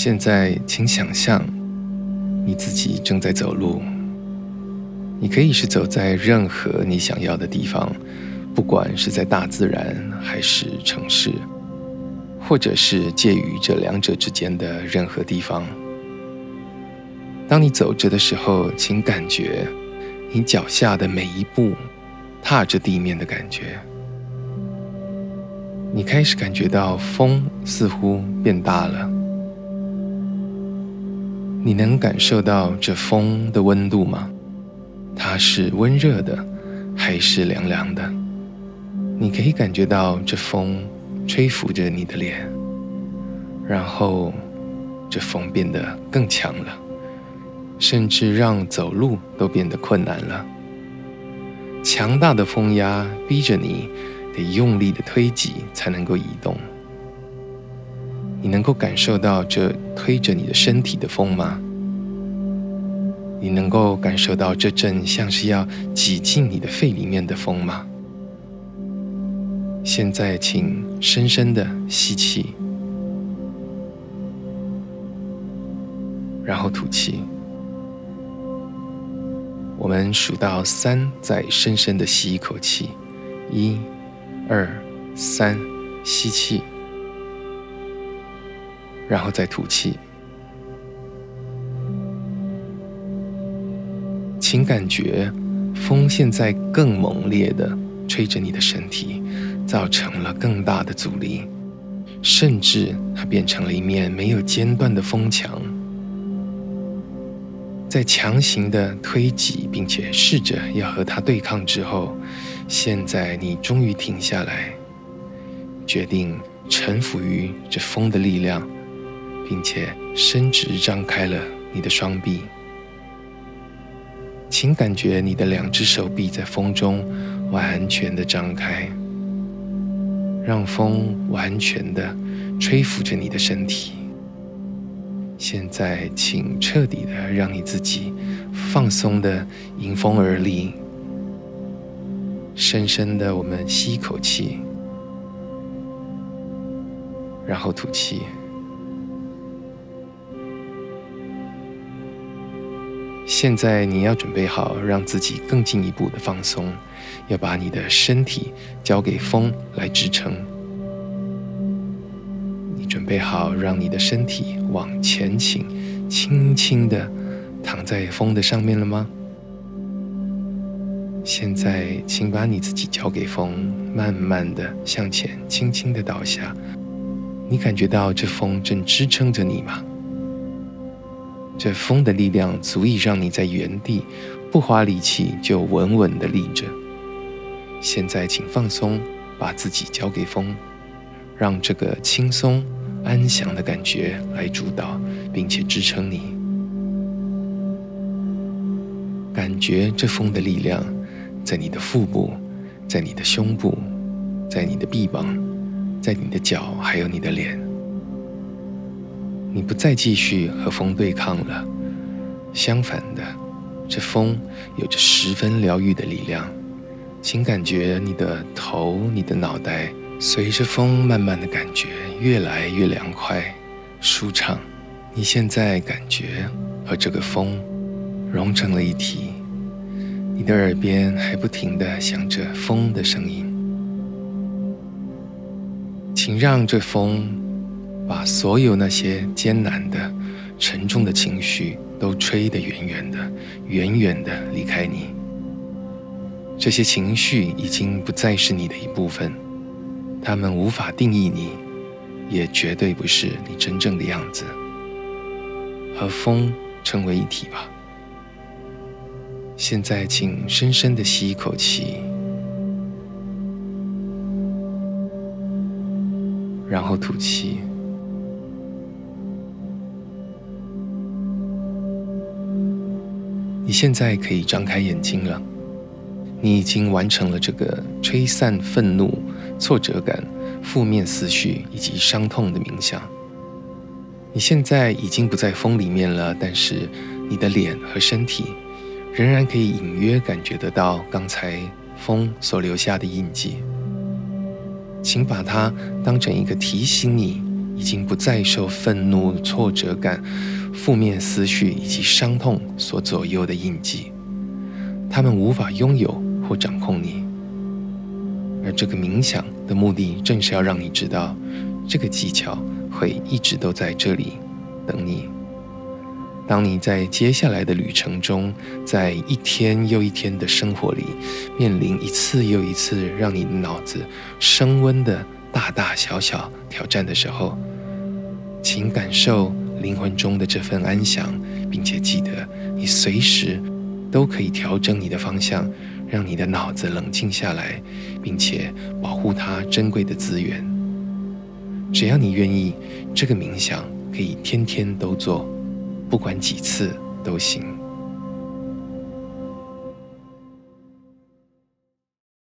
現在，請想象你自己正在走路。你可以是走在任何你想要的地方，不管是在大自然還是城市，或者是介於這兩者之間的任何地方。當你走着的時候，請感覺你腳下的每一步踏着地面的感覺。你開始感覺到風似乎變大了。你能感受到這風的溫度嗎？它是溫熱的，還是涼涼的？你可以感覺到這風吹拂着你的臉，然後這風變得更強了，甚至讓走路都變得困難了。強大的風壓逼着你得用力的推擠才能夠移動。你能夠感受到這推着你的身體的風嗎？你能夠感受到這陣像是要擠進你的肺裡面的風嗎？現在，請深深的吸氣，然後吐氣。我們數到三，再深深的吸一口氣：一、二、三，吸氣。然後再吐氣，請感覺風現在更猛烈的吹着你的身體，造成了更大的阻力，甚至它變成了一面沒有間斷的風牆，在強行的推擠，並且試着要和它對抗之後，現在你終於停下來，決定臣服於這風的力量。並且伸直張開了你的雙臂，請感覺你的兩隻手臂在風中完全的張開，讓風完全的吹拂着你的身體。現在，請徹底的讓你自己放鬆的迎風而立，深深的我們吸一口氣，然後吐氣。現在你要準備好，讓自己更進一步的放鬆，要把你的身體交給風來支撐。你準備好讓你的身體往前傾，輕輕地躺在風的上面了嗎？現在，請把你自己交給風，慢慢地向前，輕輕地倒下。你感覺到這風正支撐着你嗎？這風的力量足以讓你在原地不花力氣就穩穩地立着。現在，請放鬆，把自己交給風，讓這個輕鬆安詳的感覺來主導，並且支撐你。感覺這風的力量在你的腹部，在你的胸部，在你的臂膀，在你的腳，還有你的臉。你不再繼續和風對抗了，相反的，這風有着十分療癒的力量，請感覺你的頭、你的腦袋隨着風慢慢的感覺越來越涼快、舒暢。你現在感覺和這個風融成了一體，你的耳邊還不停地響着風的聲音，請讓這風。把所有那些艱難的、沉重的情緒都吹得遠遠的，遠遠的離開你。這些情緒已經不再是你的一部分，他們無法定義你，也絕對不是你真正的樣子。和風成為一體吧。現在，請深深的吸一口氣，然後吐氣。你現在可以張開眼睛了。你已經完成了這個吹散憤怒、挫折感、負面思緒以及傷痛的冥想。你現在已經不在風裡面了，但是你的臉和身體仍然可以隱約感覺得到剛才風所留下的印記。請把它當成一個提醒你。已經不再受憤怒、挫折感、負面思緒以及傷痛所左右的印記，他們無法擁有或掌控你。而這個冥想的目的，正是要讓你知道，這個技巧會一直都在這裡等你。當你在接下來的旅程中，在一天又一天的生活裡，面臨一次又一次讓你的腦子升溫的大大小小挑戰的時候，請感受靈魂中的這份安詳，並且記得你隨時都可以調整你的方向，讓你的腦子冷靜下來，並且保護它珍貴的資源。只要你願意，這個冥想可以天天都做，不管幾次都行。